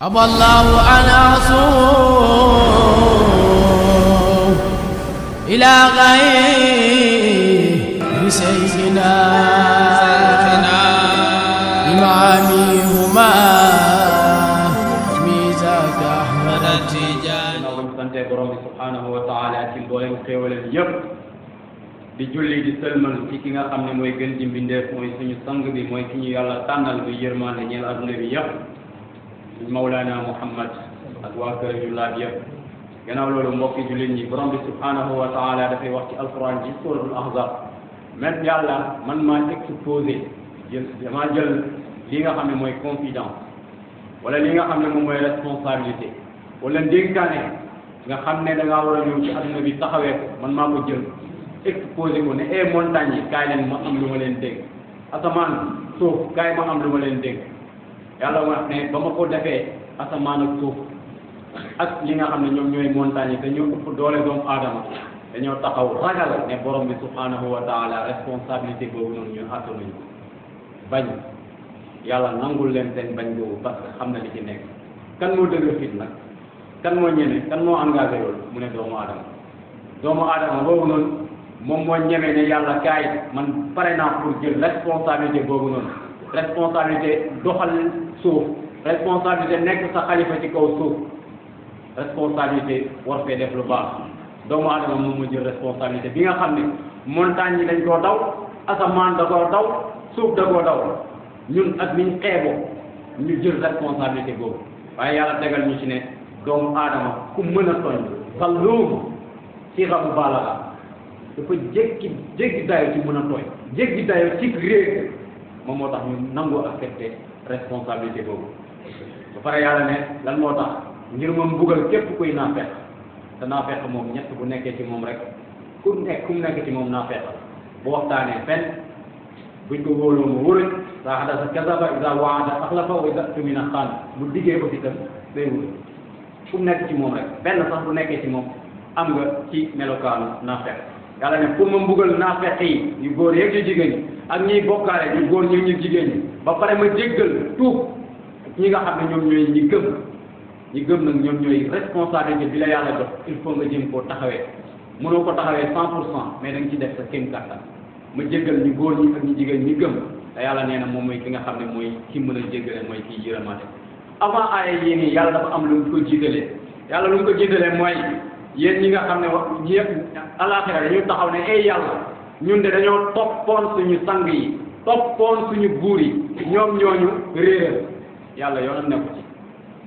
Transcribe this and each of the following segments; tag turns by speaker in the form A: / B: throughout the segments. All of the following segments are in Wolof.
A: أبى الله أن أصوم إلى غير سيدنا إمامهما ميزاك أحمد تيجان سنتي بروم سبحانه وتعالى ci mbolem xewalen yépp di julli di sëlmal ci ki nga xam ne mooy gën di mbindeef mooy suñu sang bi mooy ki ñu yàlla tànnal bi yërmande ñeel adduna bi yépp Mawlana Muhammad ak waa kër yu laaj yëpp gannaaw loolu mbokki jullit ñi borom bi subhanahu wa taala dafay wax ci alquran ci suratul ahzab même yàlla man maa exposé jël damaa jël li nga xam ne mooy confidence wala li nga xam ne moom mooy responsabilité wala ndénkaane nga xam ne da ngaa war a ñëw ci bi taxawee man maa ko jël exposé ko ne e montagne yi kaay leen ma am lu ma leen dégg asamaan suuf kaay ma am lu ma leen dégg yàlla wax ne ba ma ko defee asamaan ak ak li nga xam ne ñoom ñooy montagne yi dañoo ëpp doole doomu aadama dañoo taxaw ragal ne borom bi subhanahu wa taala responsabilité boobu noonu ñun attanuñu ko bañ yàlla nangul leen seen bañ boobu parce xam na li ci nekk kan moo dëgg fit nag kan moo ñeme kan moo engagé mu ne doomu aadama doomu aadama boobu noonu moom moo ñeme ne yàlla kaay man pare naa pour jël responsabilité boobu noonu responsabilité doxal suuf responsabilité nekk sa xalifa ci kaw suuf responsabilité war fee def lu baax doomu adama moom mu jël responsabilité bi nga xam ne montagne yi dañ koo daw asamaan da koo daw suuf da koo daw ñun ak niñ xeeboo ñu jël responsabilité boobu waaye yàlla tegal ñu ci ne doomu aadama ku mën a tooñ zalluum ci rabu baala la dafa jéggi jéggi dayo ci mën a tooñ jéggi dayo ci réer moom moo tax ñu nangu accepté responsabilité boobu ba pare yàlla ne lan moo tax ngir moom buggal képp kuy naafeq te naafeq moom ñett bu nekkee ci moom rek ku nekk ku mu nekk ci moom naafeq bu waxtaanee buñ ko wóoloo mu wóoruñ bu diggee ko ci tam nekk ci moom rek benn sax bu nekkee ci moom am nga ci melokaanu naafeq yàlla ne pour ma mbugal naafeq yi ñu góor yeeg ñu jigéen ñi ak ñiy bokkaale ñu góor ñu jigéen ñi ba pare ma jéggal tuub ñi nga xam ne ñoom ñooy ñi gëm ñi gëm nag ñoom ñooy responsabilité bi la yàlla jox il faut nga jëm koo taxawee mënoo ko taxawee cent pour cent mais da ci def sa kéem kàttan ma jéggal ñu góor ñi ak ñu jigéen ñi gëm te yàlla nee na moom mooy ki nga xam ne mooy ki mën a jéggale mooy ki yërëmaate avant aaya yii nii yàlla dafa am lu mu ko jiitalee yéen ñi nga xam ne wax yépp alaxira dañu taxaw ne ay yàlla ñun de dañoo toppoon suñu sang yi toppoon suñu buur yi ñoom ñooñu réeral yàlla yoonam nekku ci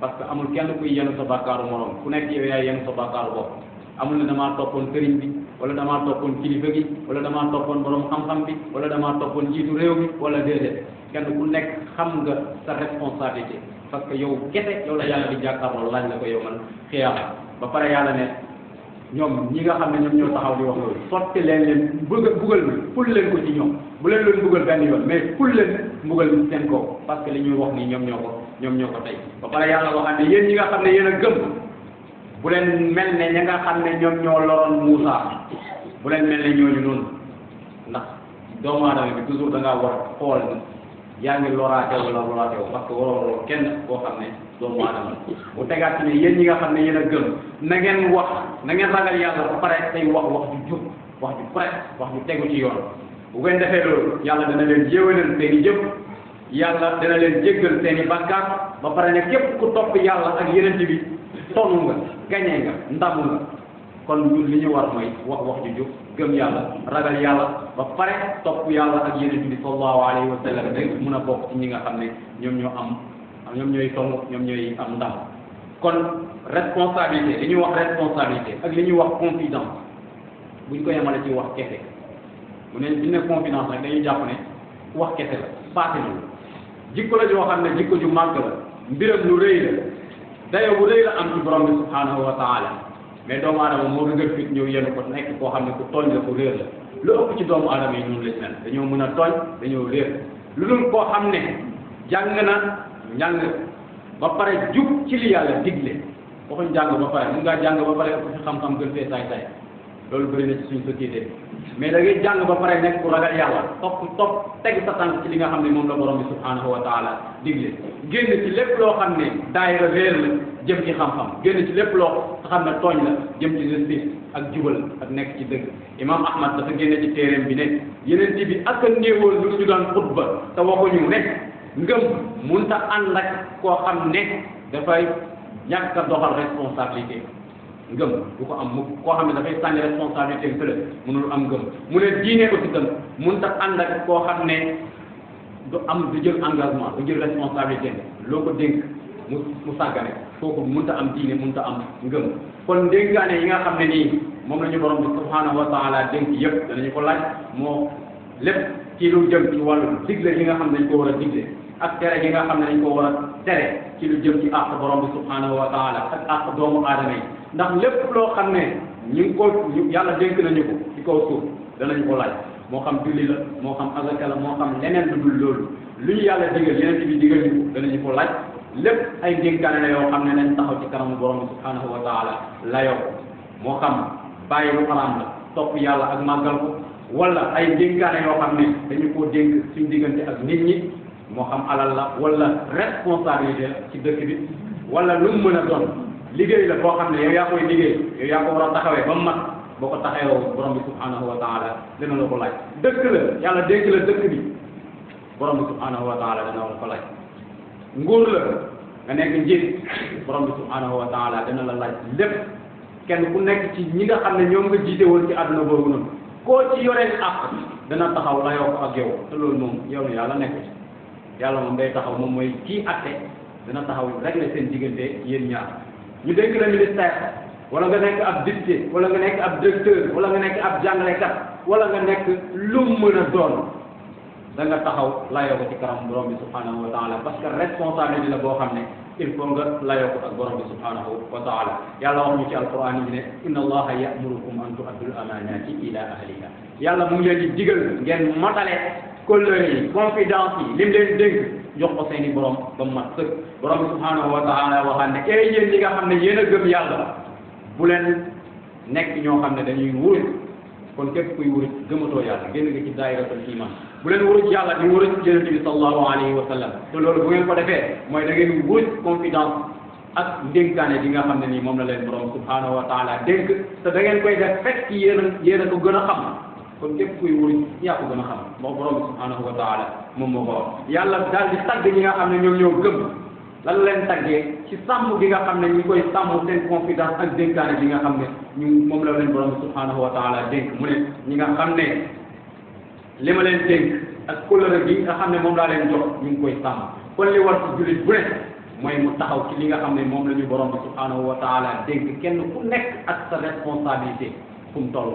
A: parce que amul kenn kuy yenu sa bàkkaaru moroom ku nekk yow yaay yenu sa bàkkaaru bopp amul ne damaa toppoon sëriñ bi wala dama toppoon kilifa gi wala damaa toppoon borom xam-xam bi wala damaa toppoon jiitu réew mi wala déedéet kenn ku nekk xam nga sa responsabilité parce que yow kese yow la yàlla ñoom ñi nga xam ne ñoom ñoo taxaw di wax loolu sotti leen leen bëgg bëggal mi ful leen ko ci ñoom bu leen loolu bëggal benn yoon mais ful leen mbugal seen kaw parce li ñuy wax nii ñoom ñoo ko ñoom ñoo ko tey ba pare yàlla waxaat ne yéen ñi nga xam ne yéen a gëm bu leen mel ne ña nga xam ne ñoom ñoo loroon Moussa bu leen mel ne ñooñu noonu ndax doomu aadama bi toujours da ngaa war xool yaa ngi loraate wala loraate wu parce que waroo lool kenn koo xam ne doomu aadama bu tegaat ne yéen ñi nga xam ne yéen a gëm na ngeen wax na ngeen ragal yàlla ba pare tey wax wax ju jub wax ju prêt wax ju tegu ci yoon bu ngeen defee loolu yàlla dana leen yéwénal seen i jëf yàlla dana leen jéggal seen i bàkkaar ba pare ne képp ku topp yàlla ak yeneen bi tollu nga gañee nga ndamu nga kon ñun li ñu war mooy wax wax ju jub gëm yàlla ragal yàlla ba pare topp yàlla ak yeneen bi sallallahu alayhi wa sallam rek mun a ci ñi nga xam ne ñoo am ñoom ñooy song ñoom ñooy am ndam kon responsabilité li ñuy wax responsabilité ak li ñuy wax confidence buñ ko yemale ci wax kese mu ne bi ne confidence nag dañuy jàpp ne wax kese la passé na jikko la joo xam ne jikko ju màgg la mbiram lu rëy la dayo bu rëy la am ci borom subhanahu wa taala mais doomu aadama moo dëgër fit ñëw yenn ko nekk koo xam ne ku tooñ la ku réer la lu ëpp ci doomu aadama yi ñun lañ mel dañoo mën a tooñ dañoo réer lu dul koo xam ne jàng na njàng ba pare jub ci li yàlla digle waxuñ jàng ba pare mun ngaa jàng ba pare ëpp ci xam-xam gën fee saay saay loolu bëri na ci suñu société mais da ngay jàng ba pare nekk ku ragal yàlla topp topp teg sa tànk ci li nga xam ne moom la borom bi subhanahu wa taala digle génn ci lépp loo xam ne daayira réer la jëm ci xam-xam génn ci lépp loo xam ne tooñ la jëm ci justice ak jubal ak nekk ci dëgg imam ahmad dafa génne ci téeréem bi ne yeneen ti bi ak a néewoon lu ñu doon xutba te waxuñu ne ngëm mun ta ànd ak koo xam ne dafay ñàkk a doxal responsabilité ngëm du ko am mu koo xam ne dafay sànni responsabilité fële mënul am ngëm mu ne diine aussi tam mun tax ànd ak koo xam ne du am du jël engagement du jël responsabilité loo ko dénk mu mu sàggane kooku mun ta am diine mun ta am ngëm kon dénkaane yi nga xam ne nii moom la ñu borom bi subhanahu wa taala dénk yëpp danañu ko laaj moo lépp ci lu jëm ci wàllu digle yi nga xam ne dañ ko war a digle ak tere yi nga xam ne dañ ko war a tere ci lu jëm ci àq borom bi subhanahu wa taala ak doomu aadama yi ndax lépp loo xam ne ñu ngi ko yàlla dénk nañu ko ci kaw suuf danañ ko xam julli la moo xam azaka la moo xam leneen lu lu ñu yàlla digal yeneen bi digal ñu ko danañu ko laaj lépp ay dénkaane la yoo xam ne nañ taxaw ci kanamu borom subhanahu wa taala la yow moo xam bàyyi lu xaraam la topp yàlla ak màggal wala ay dénkaane yoo xam ne dañu koo dénk suñu diggante ak nit ñi moo xam alal la wala responsabilité la ci dëkk bi wala lu mu mën a doon liggéey la koo xam ne yow yaa koy liggéey yow yaa ko war a taxawee ba mat boo ko taxawee borom bi subhanahu wa taala dina la ko laaj dëkk yàlla dégg la dëkk bi borom la ko laaj nguur la nga nekk njiit borom bi subhanahu wa taala dina la laaj lépp kenn ku nekk ci ñi nga xam ne ñoom nga jiite woon ci àdduna boobu noonu koo ci yoreen àq dana taxaw la yoo ak yow te loolu moom yow na yàlla nekk ci yàlla moom day taxaw moom mooy kii atte dana taxaw rek la seen diggante yéen ñaar ñu dénk la ministère wala nga nekk ab député wala nga nekk ab directeur wala nga nekk ab jàngalekat wala nga nekk lu mën da nga taxaw layoo ko ci kanam borom bi subhanahu wa taala parce que responsabilité la boo xam ne il faut nga layoo ko ak borom bi subhanahu wa taala yàlla wax ñu ci alquran yi ne inna allaha yamurukum an tuaddul amanati mu ngi leen di digal ngeen matale kóllëre yi confidence jox ko seen borom ba mu mat sëkk borom wa taala waxaan ne ey yéen ñi xam ne yéen a gëm yàlla bu leen nekk ñoo xam ne dañuy wuruj kon képp kuy wuruj gëmatoo yàlla génn nga ci daayiratul iman bu leen wuruj yàlla di wuruj yonente bi sallallahu wa sallam te loolu bu ngeen ko defee mooy da ngeen wuruj confidence ak ndénkaane bi nga xam ne nii moom la leen borom subhanahu wa taala dénk te da ngeen ko e fekk yéen a yéen a ko gën a xam kon képp kuy wuri yaa ko gën a xam moo borom bi subhanahu wa taala moom moo ko wax yàlla daal di tagg ñi nga xam ne ñoom ñoo leen taggee ci sàmm gi nga xam ne ñu koy sàmm seen confidence ak dénkaane bi nga xam ne ñu moom la leen borom bi subhanahu wa taala dénk mu ne ñi nga xam ne li ma leen dénk ak kóllëre gi nga xam ne moom laa leen jox ñu ngi koy sàmm kon li war ci jullit mooy mu taxaw ci li nga xam ne moom lañu ñu borom bi subhanahu wa kenn ku nekk ak sa responsabilité fu mu toll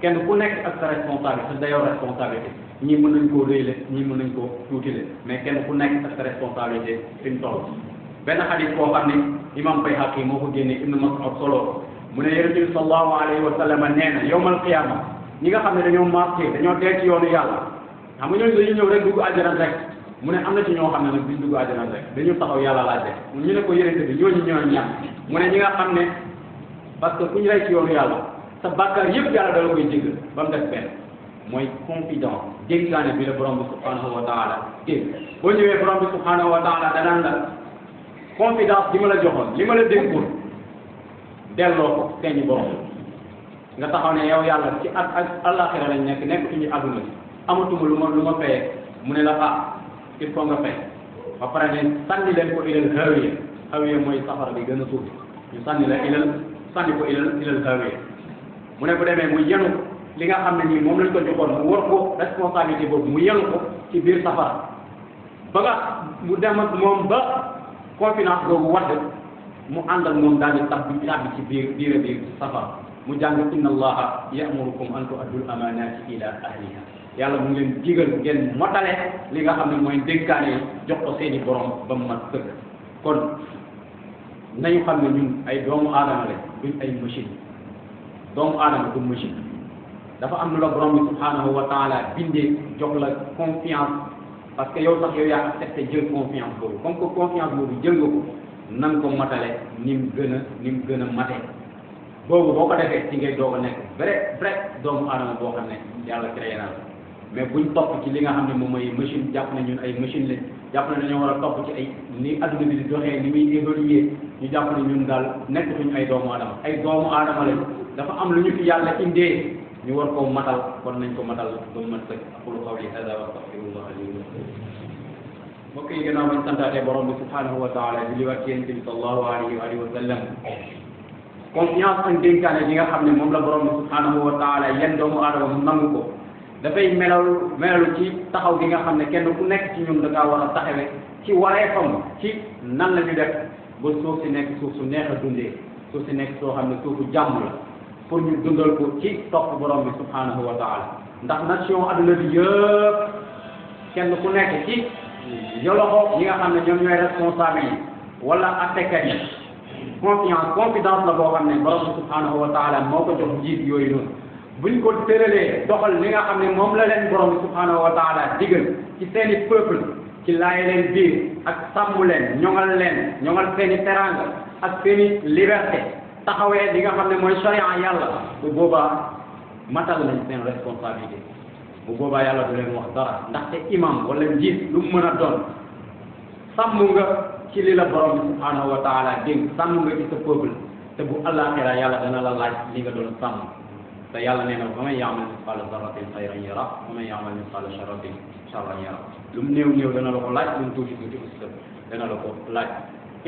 A: kenn ku nekk ak sa responsabilité sa dayoo responsabilité ñii mën nañ koo réyle ñii mën nañ koo tuutile mais kenn ku nekk ak sa responsabilité benn xadis boo xam ne imam Bayhaqi moo ko génne ibnu Mas'ud solo mu ne yonent bi sallallahu alayhi wa sallam nee na yowmal qiyaama ñi nga xam ne dañoo marqué dañoo dee ci yoonu yàlla xam nga ñooñu dañuy ñëw rek dugg àjjana rek mu ne am na ci ñoo xam ne nag duñ dugg àjjana rek dañu taxaw yàlla laaj rek ñu ne ko yonent bi ñooñu ñoo nga xam ne parce que ku ñu rey ci yoonu yàlla sa bàkkaar yëpp yàlla dala koy jéggal ba mu def benn mooy confident dénkaane bi la borom bi subhanahu wa taala dégg boo ñëwee borom bi subhanahu wa taala danaan confidence bi ma la joxoon li ma la dénkoon delloo ko feeñi borom nga taxaw ne yow yàlla ci ak ak àllaaxira lañ nekk nekk suñu àdduna bi amatuma lu ma lu ma fayee mu ne la ah il faut nga fay ba pare ne sànni leen ko ilal hawiya hawiya mooy safara bi gën a suuf ñu sànni la ilal sànni ko mu ne bu demee mu yenu li nga xam ne nii moom lañ ko joxoon mu war ko responsabilité boobu mu yenu ko ci biir safara ba nga mu dem ak moom ba confiance boobu wadd mu ànd ak moom daal di tax bi tàbbi ci biir biir biir safara mu jàng inna allaha yamurukum an tuaddul amanati ila ahliha yàlla mu ngi leen digal ngeen motale li nga xam ne mooy dénkaane jox ko seeni borom ba mu mat sëkk kon nañu xam ne ñun ay doomu aadama lañ duñ ay machine doomu aadama du machine dafa am na la borom bi subhanahu wa bindee jox la confiance parce que yow sax yow yaa accepté jël confiance boobu comme que confiance boobu jël nga ko nan ko matale ni mu gën a ni gën a mate boobu boo ko defee ci ngay doog a nekk vrai vrai doomu aadama boo xam ne yàlla créé na la mais buñ topp ci li nga xam ne moom mooy machine jàpp na ñun ay machine lañ jàpp na war a topp ci ay ni adduna bi di doxee ni muy évoluer ñu jàpp ne daal nekk duñu ay doomu aadama ay doomu aadama lañ dafa am lu ñu fi yàlla indee ñu war koo matal kon nañ ko matal ba mu a sëkk ko qawli hada wa astaghfirullah li wa lakum mbokk yi gannaaw bi subhanahu wa taala di liwaat yéen bi sallallahu alayhi wa alihi wa sallam confiance ak nga xam ne moom la borom bi subhanahu wa taala yan doomu aadama mu nangu ko dafay melalu melalu ci taxaw gi nga xam ne kenn ku nekk ci ñun da ngaa war a taxawe ci wareefam ci nan la ñu def ba suuf si nekk suuf su neex a dundee suuf si nekk soo xam ne suufu jàmm la pour ñu dundal ko ci topp borom bi subhanahu wa taala ndax nation adduna bi yëpp kenn ku nekk ci yoloxo ñi nga xam ne ñoom ñooy responsable yi wala attekat yi confiance confidence la boo xam ne borom bi subhanahu moo ko jox njiit yooyu noonu buñ ko tëralee doxal li nga xam ne moom la leen borom bi subhanahu wa taala ci seeni peuple ci laaj leen biir ak sàmm leen ñoŋal leen ñoŋal seeni teraanga ak seeni liberté taxawee li nga xam ne mooy sharia yàlla bu boobaa matal nañ seen responsabilité bu boobaa yàlla du leen wax dara ndaxte imam wala njiit lu mën a doon sàmm nga ci li la borom bi subhanahu wa taala dénk sàmm nga ci sa peuple te bu àllaaxira yàlla dana la laaj li nga doon sàmm فيلا نينا ومن يعمل مثقال ذرة خيرا يرى ومن يعمل مثقال شرة شرا يرى لم نيو نيو دنا لوكو لاي من توجي توجي أسلم دنا لوكو لاي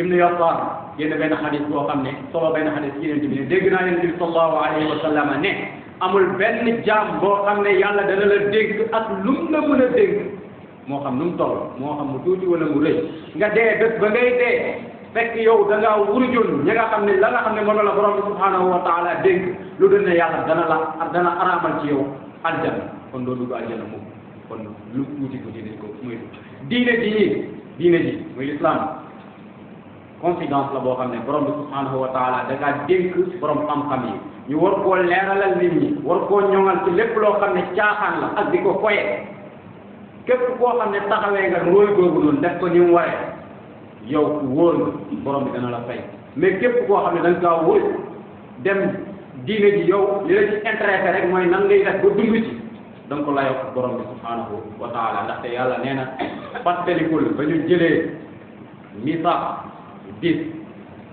A: ابن يسار ين بين حديث بو خامني صلى بين حديث ين دي دغنا ين دي صلى الله عليه وسلم ني امول بن جام بو خامني يالا دنا لا دغ اك لوم نا مونا دغ mo xam num tol mo xam mu tuuti wala mu reuy nga dee bes ba ngay dee fekk yow da nga wuru jun ñi nga xam ne la nga xam ne mo la borom subhanahu wa ta'ala denk lu dul ne yàlla dana la dana araamal ci yow aljana kon doo dugg aljana moom kon lu tuuti tuuti dañ ko muy diine ji muy lislaam confidence la boo xam ne borom bi subhanahu wa taala da dénk borom xam-xam yi ñu war koo leeralal nit ñi war koo ñoŋal ci lépp loo xam ne caaxaan la ak di ko foye képp koo xam ne taxawee nga róoy googu noonu def ko ni mu waree yow wóor nga borom bi dana la fay mais képp koo xam ne da kaa wóor dem diine ji yow li la ci intéressé rek mooy nan ngay def ba dund ci da nga ko layoo ak borom bi subhanahu wa taala ndaxte yàlla nee na fàttalikul ba ñu jëlee misaax bis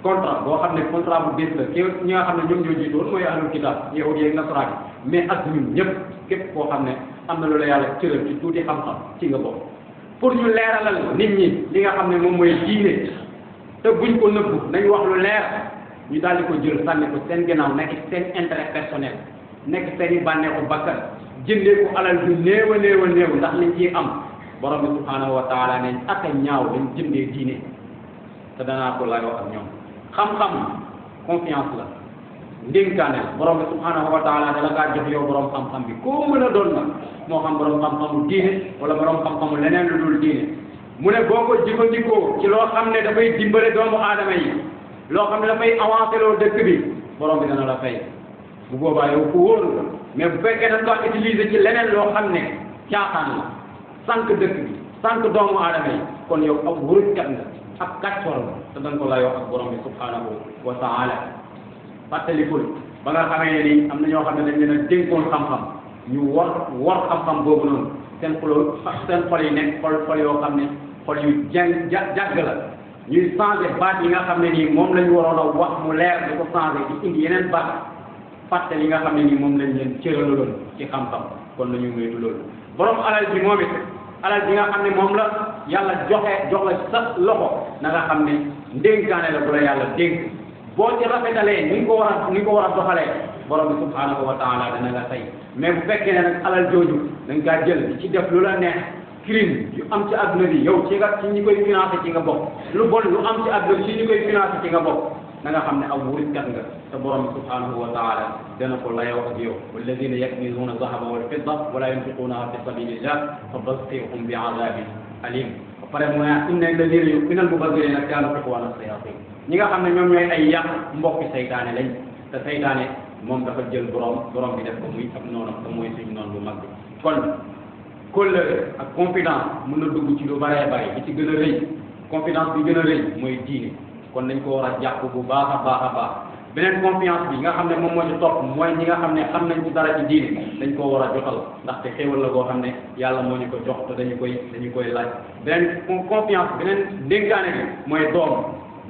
A: contrat boo xam ne contrat bu bis la ki ñi nga xam ne ñoom ñoo jiitu woon mooy ahlul kitab yahud yeeg nasaraan yi mais ak ñun képp koo xam ne am na loolu yàlla cëral ci tuuti xam-xam ci nga bokk pour ñu leeralal nit ñi li nga xam ne moom mooy diine te buñ ko nëbbu ñu daal di ko jël sànni ko seen ginnaaw nekk seen intérêt personnel nekk seen i bànneexu bakkan jëndee alal ju néew a néew a néew ndax liñ ciy am a diine te danaa ko layoo ak ñoom xam-xam confiance la ndénkaane la subhanahu wa taala dala jox yow borom xam-xam bi koo a doon nag moo xam borom xam-xamu diine wala borom xam-xamu leneen lu dul diine mu ne boo ko jëfandikoo ci loo xam ne dafay dimbale doomu aadama yi loo xam ne dafay avancé loo dëkk bi borom bi dana la fay bu boobaa ku wóor la mais bu na dañ ko utiliser ci leneen loo xam ne caaxaan la sànq dëkk bi sànq doomu aadama yi kon yow ab wërëjkat nga ak kàccoor la te dañ ko layoo ak borom bi subhanahu ba nga xamee ni am na ñoo xam ne dañ leen a dénkoon xam-xam ñu war war xam-xam boobu noonu seen xoloo seen xol xol yoo xam ne xol yu jàng ñuy changé baat yi nga xam ne nii moom la ñu waroon a wax mu leer di ko changé di indi yeneen baat fàtte yi nga xam ne nii moom lañ leen cëraloon ci xam-xam kon nañu ñu moytu loolu borom alal bi moom it alal bi nga xam ne moom la yàlla joxe jox la sa loxo na nga xam ne ndénkaane la bu la yàlla dénk boo ci rafetalee ni nga ko war a ni nga ko war a doxalee borom bi subhanahu wa taala dana la mais bu fekkee ne nag alal jooju dañ kaa jël ci def la neex crime yu am ci àdduna bi yow ci nga ci ñi koy financé ci nga bokk lu bon lu am ci àdduna bi ci ñi koy financé ci nga bokk na nga xam ne aw wuritkat nga te borom subhanahu wa taala dana ko layoo ak yow walladina yaknizuuna zahaba wal fidda wala yunfiquunaha fi sabilillah fa basqihum bi azabin alim ba pare mu ne inna alladina yuminal mubazirina kaanu ixwana shayatin ñi nga xam ne ñoom ñooy ay yàq mbokki saytaane lañ te saytaane moom dafa jël borom borom bi def ko muy ab noonam te mooy suñu noon bu mag bi kon kóllëre ak confidence mën na dugg ci lu bëree bëri li ci gën a rëy confidence bi gën a rëy mooy diine kon dañ ko war a jàpp bu baax a baax a baax beneen confiance bi nga xam ne moom moo ci topp mooy ñi nga xam ne am nañ ci dara ci diine dañ koo war a jotal ndaxte xéewal la boo xam ne yàlla moo ñu ko jox te dañu koy dañu koy laaj beneen confiance beneen dénkaane bi mooy doom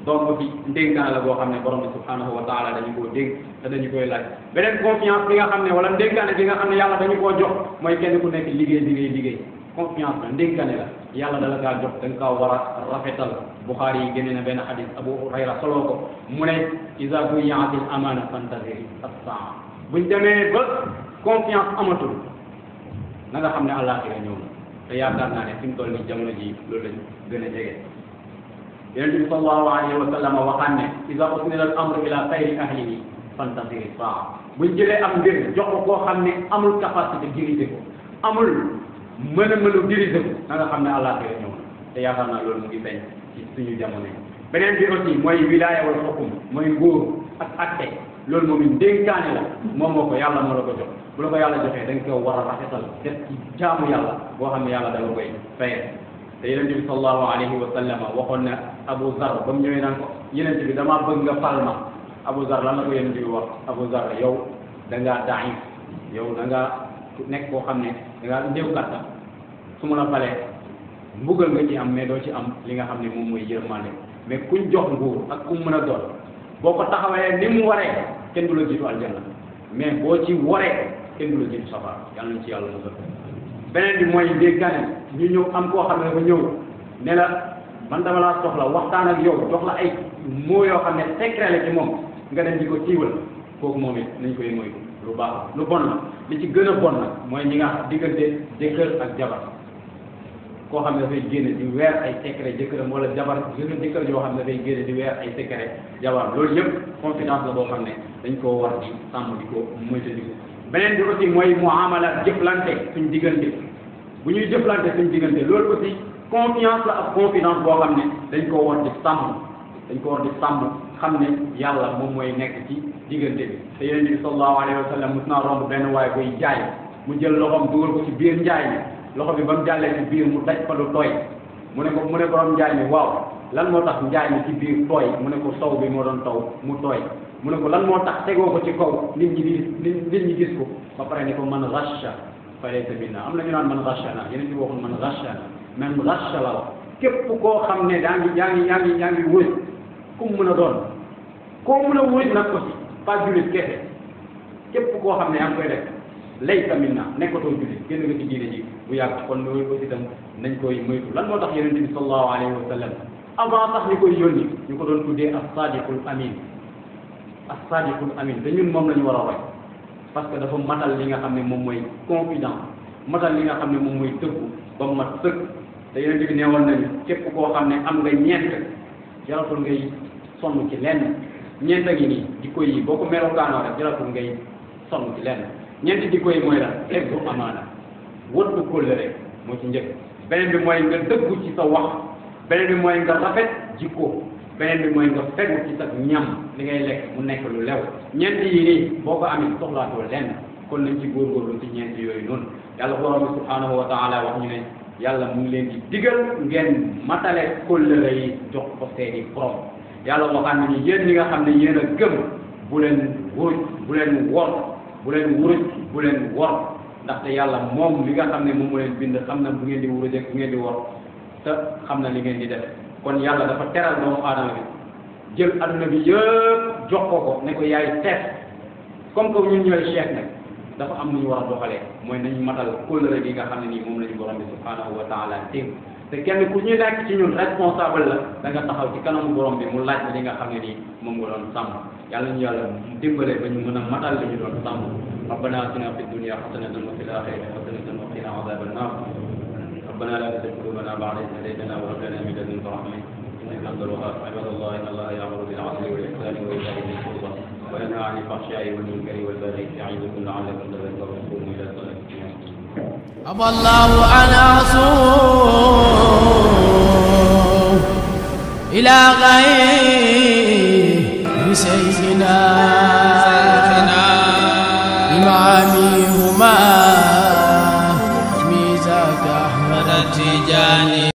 A: donc bi ndénkaan la boo xam ne borom bi subhanahu wa taala dañu koo dégg te dañu koy laaj beneen confiance bi nga xam ne wala ndénkaane bi nga xam ne yàlla dañu koo jox mooy kenn ku nekk liggéey liggéey liggéey confiance la ndénkaane la yàlla dala kaa jox da ka kaa war a rafetal Buxaari yi génne na benn xadis Abu Hurayra soloo ko mu ne isa buyatil amana fantaziri as-saa buñ demee ba confiance amatul na nga xam ne àllaaxira ñëw na te yaakaar naa ne fi mu jamono ji loolu lañ yonente bi sallallahu alayhi wa sallam waxaan ne iza usnila al amru ila xayri ahlihi fantaziri saa buñ jëlee am mbir jox ko koo xam ne amul capacité diriger ko amul mën a mën a diriger ko na nga xam ne allah tey ñëw na te yaakaar naa loolu mu ngi feeñ ci suñu jamono yi beneen bi aussi mooy wilaya wal xukum mooy nguur ak atte loolu moom it dénkaane la moom moo ko yàlla moo la ko jox bu la ko yàlla joxee da nga ko war a rafetal def ci jaamu yàlla boo xam ne yàlla da la koy fayal te yenente bi sallallahu alayhi wa sallama waxoon na Abu Zar ba mu ñëwee naan ko yenente bi damaa bëgg nga fal ma Abu Zar lan la ko yenente bi wax Abu Zar yow da ngaa daif yow da ngaa nekk koo xam ne danga ngaa ndéew su ma la falee mbugal nga ci am mais doo ci am li nga xam ne moom mooy yërmande mais kuñ jox nguur ak ku mën a doon boo ko taxawee ni mu waree kenn du la jiitu aljanna mais boo ci waree kenn du la jiitu safara yàlla nañ ci yàlla ñu ñëw am koo xam ne dafa ñëw ne la man dama laa la waxtaan ak yow jox la ay moo yoo xam ne secret la ci moom nga dem di ko siiwal kooku moom it nañ koy moytu lu baax lu bon la li ci gën a bon la mooy ñi nga diggante jëkkër ak jabar koo xam ne dafay génne di weer ay secret jëkkëram wala jabar jëkkër jëkkër yoo xam ne dafay génne di weer ay secret jabar loolu yëpp confidence la boo xam ne dañ koo war di sàmm di ko moytandiku beneen bi aussi mooy muamala jëflante suñ diggante bu ñuy jëflante suñu diggante loolu aussi confiance la ak confidence boo xam ne dañ ko war di sàmm dañ ko war di sàmm xam ne yàlla moom mooy nekk ci diggante bi te yonent bi sallallahu alayhi wa sallam mos naa romb benn waaye buy jaay mu jël loxoom dugal ko ci biir njaay mi loxo bi ba mu jàllee ci biir mu daj fa lu tooy mu ne ko mu ne borom njaay mi waaw lan moo tax njaay mi ci biir tooy mu ne ko sow bi moo doon taw mu tooy mu ne ko lan moo tax tegoo ko ci kaw nit ñi di nit ñi gis ko ba pare ne ko man rasha فليس منا أم لم من غشنا نعم، يعني جوه من غشنا من غش لو كيف بقى خم نداني يعني يعني يعني ويد كم من دون كم من ويد نقصي فاجل كه كيف بقى خم نيام كده ليس منا نكتب جلس كنا نتجينا جي ويا كون نوي بس دم نكوي ميتو لن ما تخير النبي صلى الله عليه وسلم أبا تخ نكوي يوني يقولون كده الصادق الأمين الصادق الأمين دنيون مملني ولا رأي parce que dafa matal li nga xam ne moom mooy confident matal li nga xam ne moom mooy dëggu ba mat sëkk te yonent bi neewoon nañu képp koo xam ne am nga ñeent jaratul ngay sonn ci lenn ñeent a ngi nii jikko yi boo ko melokaanoo rek jaratul ngay sonn ci lenn ñeent moo ci njëkk beneen bi mooy nga dëggu ci sa wax beneen bi mooy nga rafet jikko beneen bi mooy nga fekk ci sa ñam li ngay lekk mu nekk lu lew ñeent yi nii boo ko amee soxlaatoo lenn kon nañ ci góorgóorlu ci ñeent yooyu noonu yàlla ya borom bi subhanahu wa taala wax ñu ne yàlla ya mu ngi leen di digal ngeen matale kóllëre yi jox ko seeni borom yàlla ya waxaan nañu yéen ñi nga xam ne yéen a gëm bu leen wuruj bu leen wor bu leen wuruj bu leen wor ndaxte yàlla moom li nga xam ne moom mu leen bind xam na bu ngeen di wuruj ak bu ngeen di wor te xam na li ngeen di def kon yàlla dafa teral doomu aadama bi jël adduna bi yëpp jox ko ko ne ko yaay tees comme que ñun ñooy cheikh nag dafa am nu ñu war a doxalee mooy nañu matal kóllëre bi nga xam ne nii moom la ñu borom bi subhanahu wa taala te kenn ku ñu nekk ci ñun responsable la da nga taxaw ci kanamu borom bi mu laaj li nga xam ne nii moom nga doon sàmm yàlla ñu yàlla dimbale ba ñu mën a matal li ñu doon sàmm rabbana atina fi dunya hasanatan wa fil akhirati hasanatan wa ربنا لا تزغ قلوبنا بعد إذ هديتنا وهب لنا من لدنك رحمة إنك أنت الوهاب عباد الله إن الله يأمر بالعدل والإحسان وإيتاء ذي القربى وينهى عن الفحشاء والمنكر والبغي يعظكم لعلكم تذكرون إلى صلاة أبى الله أن أصوم إلى غير سيد